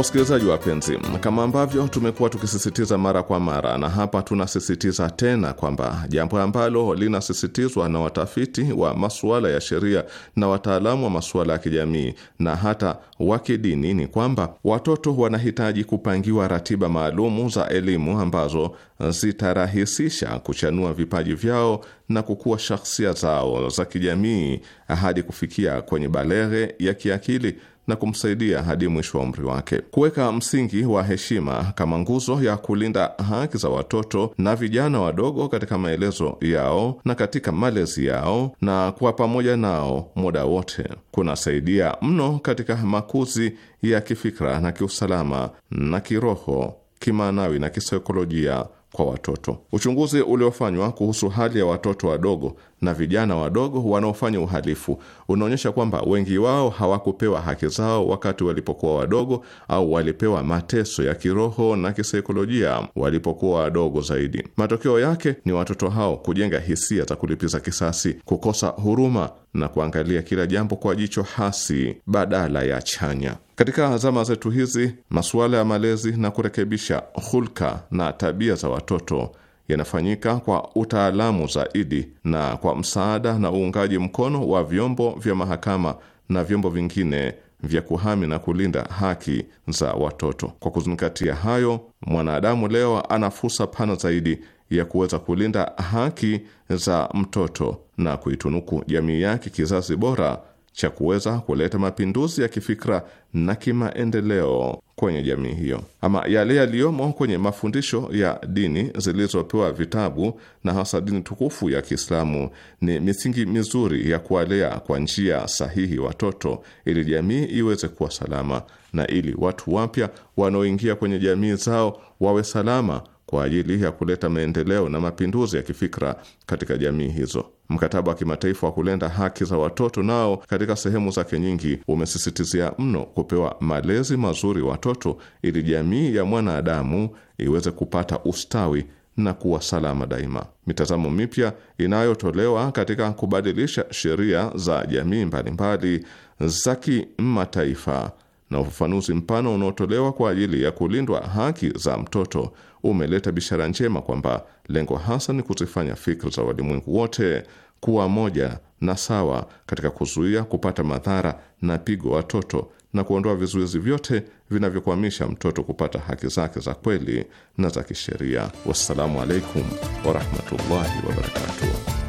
Wasikilizaji wapenzi, kama ambavyo tumekuwa tukisisitiza mara kwa mara, na hapa tunasisitiza tena kwamba jambo ambalo linasisitizwa na watafiti wa masuala ya sheria na wataalamu wa masuala ya kijamii na hata wa kidini ni kwamba watoto wanahitaji kupangiwa ratiba maalumu za elimu ambazo zitarahisisha kuchanua vipaji vyao na kukua shakhsia zao za kijamii hadi kufikia kwenye balere ya kiakili na kumsaidia hadi mwisho wa umri wake. Kuweka msingi wa heshima kama nguzo ya kulinda haki za watoto na vijana wadogo katika maelezo yao na katika malezi yao na kuwa pamoja nao muda wote kunasaidia mno katika makuzi ya kifikra na kiusalama na kiroho, kimaanawi na kisaikolojia kwa watoto. Uchunguzi uliofanywa kuhusu hali ya watoto wadogo na vijana wadogo wanaofanya uhalifu unaonyesha kwamba wengi wao hawakupewa haki zao wakati walipokuwa wadogo, au walipewa mateso ya kiroho na kisaikolojia walipokuwa wadogo zaidi. Matokeo yake ni watoto hao kujenga hisia za kulipiza kisasi, kukosa huruma na kuangalia kila jambo kwa jicho hasi badala ya chanya. Katika zama zetu hizi, masuala ya malezi na kurekebisha hulka na tabia za watoto yanafanyika kwa utaalamu zaidi na kwa msaada na uungaji mkono wa vyombo vya mahakama na vyombo vingine vya kuhami na kulinda haki za watoto. Kwa kuzingatia hayo, mwanadamu leo ana fursa pana zaidi ya kuweza kulinda haki za mtoto na kuitunuku jamii yake kizazi bora cha kuweza kuleta mapinduzi ya kifikra na kimaendeleo kwenye jamii hiyo. Ama yale yaliyomo kwenye mafundisho ya dini zilizopewa vitabu na hasa dini tukufu ya Kiislamu ni misingi mizuri ya kuwalea kwa njia sahihi watoto, ili jamii iweze kuwa salama na ili watu wapya wanaoingia kwenye jamii zao wawe salama kwa ajili ya kuleta maendeleo na mapinduzi ya kifikra katika jamii hizo. Mkataba wa kimataifa wa kulenda haki za watoto nao katika sehemu zake nyingi umesisitizia mno kupewa malezi mazuri watoto ili jamii ya mwanadamu iweze kupata ustawi na kuwa salama daima. Mitazamo mipya inayotolewa katika kubadilisha sheria za jamii mbalimbali za kimataifa na ufafanuzi mpana unaotolewa kwa ajili ya kulindwa haki za mtoto umeleta bishara njema kwamba lengo hasa ni kuzifanya fikra za walimwengu wote kuwa moja na sawa katika kuzuia kupata madhara na pigo watoto na kuondoa vizuizi vyote vinavyokwamisha mtoto kupata haki zake za kweli na za kisheria. Wassalamu alaikum warahmatullahi wabarakatuh.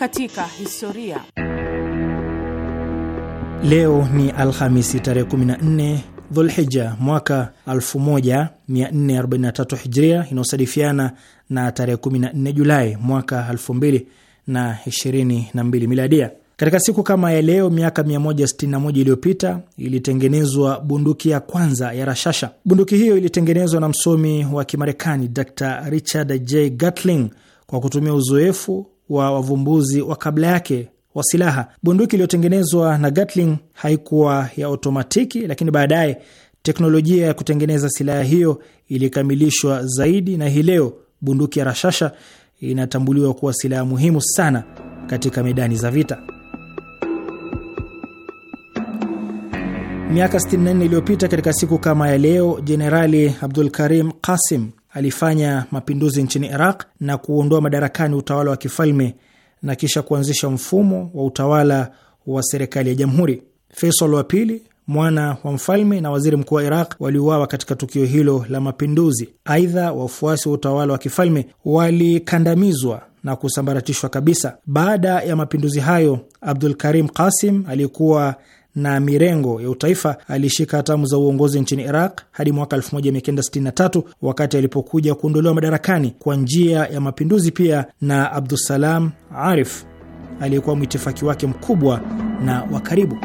katika historia. Leo ni Alhamisi tarehe 14 Dhulhija mwaka 1443 Hijria, inayosadifiana na tarehe 14 Julai mwaka 2022 Miladia. Katika siku kama ya leo miaka 161 iliyopita ilitengenezwa bunduki ya kwanza ya rashasha. Bunduki hiyo ilitengenezwa na msomi wa Kimarekani Dr Richard J Gatling kwa kutumia uzoefu wa wavumbuzi wa kabla yake wa silaha. Bunduki iliyotengenezwa na Gatling haikuwa ya otomatiki, lakini baadaye teknolojia ya kutengeneza silaha hiyo ilikamilishwa zaidi, na hii leo bunduki ya rashasha inatambuliwa kuwa silaha muhimu sana katika medani za vita. Miaka 64 iliyopita katika siku kama ya leo, Jenerali Abdul Karim Qasim alifanya mapinduzi nchini Iraq na kuondoa madarakani utawala wa kifalme na kisha kuanzisha mfumo wa utawala wa serikali ya jamhuri. Faisal wa pili mwana wa mfalme na waziri mkuu wa Iraq waliuawa katika tukio hilo la mapinduzi. Aidha, wafuasi wa utawala wa kifalme walikandamizwa na kusambaratishwa kabisa. Baada ya mapinduzi hayo, Abdul Karim Qasim aliyekuwa na mirengo ya utaifa alishika hatamu za uongozi nchini Iraq hadi mwaka 1963 wakati alipokuja kuondolewa madarakani kwa njia ya mapinduzi, pia na Abdusalam Arif aliyekuwa mwitifaki wake mkubwa na wa karibu.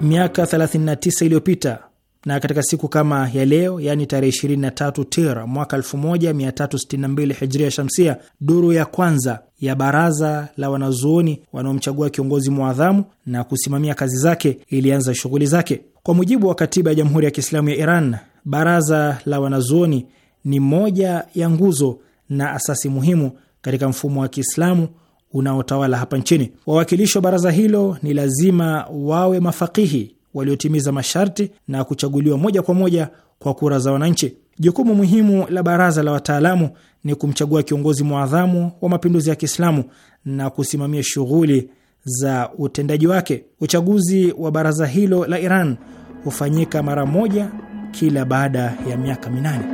Miaka 39 iliyopita na katika siku kama ya leo, yaani tarehe 23 Tir mwaka 1362 Hijria Shamsia, duru ya kwanza ya baraza la wanazuoni wanaomchagua kiongozi mwadhamu na kusimamia kazi zake ilianza shughuli zake. Kwa mujibu wa katiba ya Jamhuri ya Kiislamu ya Iran, baraza la wanazuoni ni moja ya nguzo na asasi muhimu katika mfumo wa Kiislamu unaotawala hapa nchini. Wawakilishi wa baraza hilo ni lazima wawe mafakihi waliotimiza masharti na kuchaguliwa moja kwa moja kwa kura za wananchi. Jukumu muhimu la baraza la wataalamu ni kumchagua kiongozi mwadhamu wa mapinduzi ya Kiislamu na kusimamia shughuli za utendaji wake. Uchaguzi wa baraza hilo la Iran hufanyika mara moja kila baada ya miaka minane.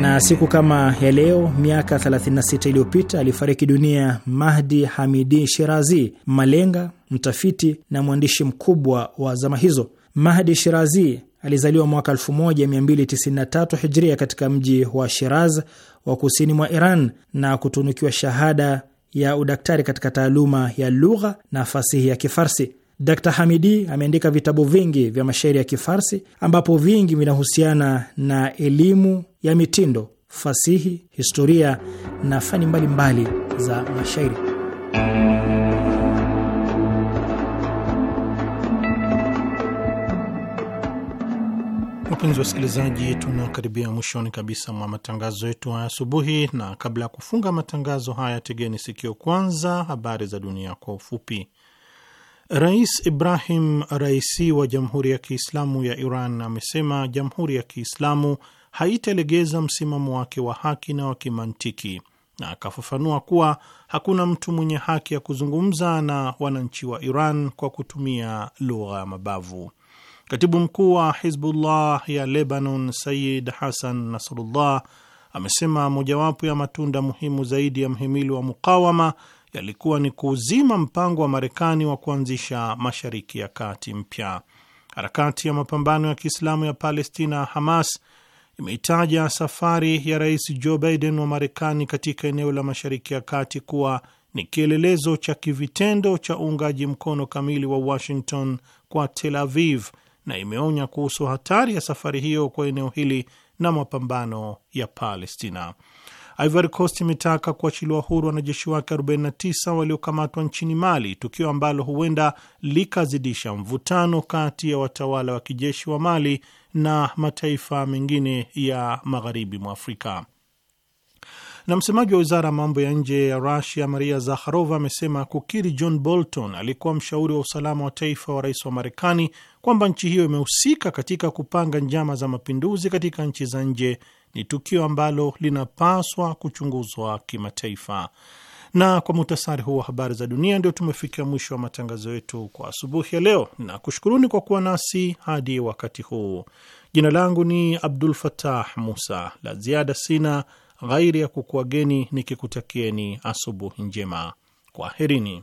Na siku kama ya leo miaka 36 iliyopita alifariki dunia Mahdi Hamidi Shirazi, malenga, mtafiti na mwandishi mkubwa wa zama hizo. Mahdi Shirazi alizaliwa mwaka 1293 Hijria katika mji wa Shiraz wa kusini mwa Iran na kutunukiwa shahada ya udaktari katika taaluma ya lugha na fasihi ya Kifarsi. Dr Hamidi ameandika vitabu vingi vya mashairi ya Kifarsi ambapo vingi vinahusiana na elimu ya mitindo, fasihi, historia na fani mbalimbali mbali za mashairi. Wapenzi wasikilizaji, tunakaribia mwishoni kabisa mwa matangazo yetu haya asubuhi, na kabla ya kufunga matangazo haya, tegeni sikio kwanza habari za dunia kwa ufupi. Rais Ibrahim Raisi wa Jamhuri ya Kiislamu ya Iran amesema Jamhuri ya Kiislamu haitalegeza msimamo wake wa haki na wa kimantiki, na akafafanua kuwa hakuna mtu mwenye haki ya kuzungumza na wananchi wa Iran kwa kutumia lugha ya mabavu. Katibu mkuu wa Hizbullah ya Lebanon Sayid Hasan Nasrullah amesema mojawapo ya matunda muhimu zaidi ya mhimili wa mukawama yalikuwa ni kuuzima mpango wa Marekani wa kuanzisha Mashariki ya Kati mpya. Harakati ya mapambano ya Kiislamu ya Palestina, Hamas, imeitaja safari ya Rais Joe Biden wa Marekani katika eneo la Mashariki ya Kati kuwa ni kielelezo cha kivitendo cha uungaji mkono kamili wa Washington kwa Tel Aviv na imeonya kuhusu hatari ya safari hiyo kwa eneo hili na mapambano ya Palestina. Ivory Coast imetaka kuachiliwa huru wanajeshi wake 49 waliokamatwa nchini Mali, tukio ambalo huenda likazidisha mvutano kati ya watawala wa kijeshi wa Mali na mataifa mengine ya magharibi mwa Afrika. Na msemaji wa wizara ya mambo ya nje ya Rusia Maria Zakharova amesema kukiri John Bolton aliyekuwa mshauri wa usalama wa taifa wa rais wa Marekani kwamba nchi hiyo imehusika katika kupanga njama za mapinduzi katika nchi za nje ni tukio ambalo linapaswa kuchunguzwa kimataifa. Na kwa muhtasari huu wa habari za dunia, ndio tumefikia mwisho wa matangazo yetu kwa asubuhi ya leo, na kushukuruni kwa kuwa nasi hadi wakati huu. Jina langu ni Abdul Fatah Musa. La ziada sina ghairi ya kukuageni nikikutakieni asubuhi njema. Kwaherini